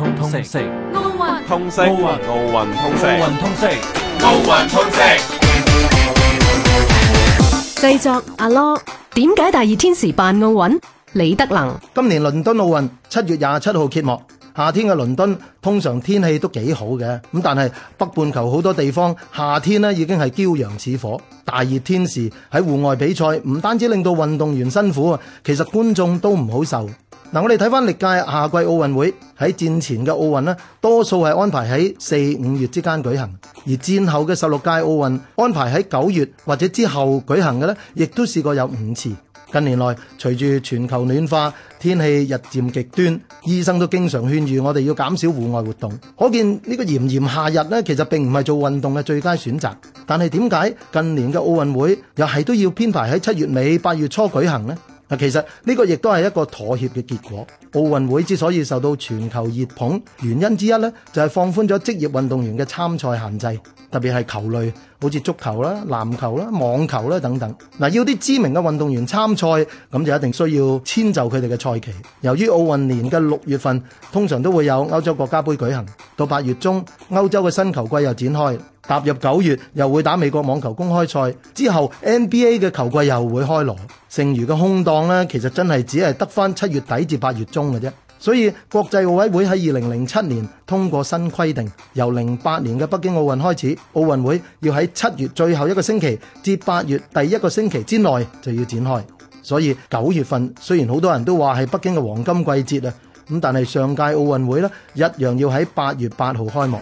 通通識，奧運，奧運，奧運通識奧運通識，奧運通識。製作阿 Lo，點解大熱天時辦奧運？李德能，今年倫敦奧運七月廿七號揭幕，夏天嘅倫敦通常天氣都幾好嘅，咁但係北半球好多地方夏天呢已經係驕陽似火，大熱天時喺戶外比賽，唔單止令到運動員辛苦啊，其實觀眾都唔好受。嗱，我哋睇翻歷屆夏季奧運會，喺戰前嘅奧運咧，多數係安排喺四五月之間舉行；而戰後嘅十六屆奧運，安排喺九月或者之後舉行嘅咧，亦都試過有五次。近年來隨住全球暖化，天氣日漸極端，醫生都經常勸喻我哋要減少戶外活動。可見呢個炎炎夏日咧，其實並唔係做運動嘅最佳選擇。但係點解近年嘅奧運會又係都要編排喺七月尾八月初舉行咧？其實呢個亦都係一個妥協嘅結果。奧運會之所以受到全球熱捧，原因之一呢，就係放寬咗職業運動員嘅參賽限制，特別係球類，好似足球啦、籃球啦、網球啦等等。嗱，要啲知名嘅運動員參賽，咁就一定需要遷就佢哋嘅賽期。由於奧運年嘅六月份通常都會有歐洲國家杯舉行，到八月中歐洲嘅新球季又展開。踏入九月又會打美國網球公開賽，之後 NBA 嘅球季又會開鑼，剩餘嘅空檔呢，其實真係只係得返七月底至八月中嘅啫。所以國際奧委會喺二零零七年通過新規定，由零八年嘅北京奧運開始，奧運會要喺七月最後一個星期至八月第一個星期之內就要展開。所以九月份雖然好多人都話係北京嘅黃金季節啊，咁但係上屆奧運會呢，一樣要喺八月八號開幕。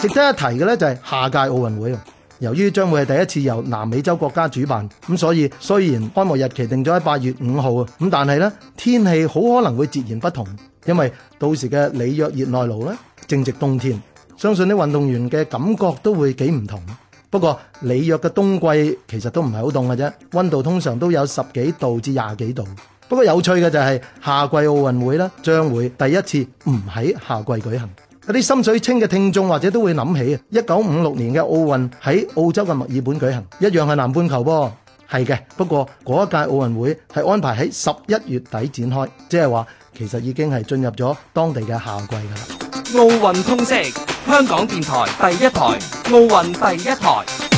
值得一提嘅咧，就係下屆奧運會，由於將會係第一次由南美洲國家主辦，咁所以雖然開幕日期定咗喺八月五號，咁但係咧，天氣好可能會截然不同，因為到時嘅里約熱內盧咧正值冬天，相信啲運動員嘅感覺都會幾唔同。不過里約嘅冬季其實都唔係好凍嘅啫，溫度通常都有十幾度至廿幾度。不過有趣嘅就係夏季奧運會咧，將會第一次唔喺夏季舉行。有啲心水清嘅聽眾或者都會諗起一九五六年嘅奧運喺澳洲嘅墨爾本舉行，一樣係南半球噃，係嘅。不過嗰一屆奧運會係安排喺十一月底展開，即係話其實已經係進入咗當地嘅夏季㗎啦。奧運通識，香港電台第一台，奧運第一台。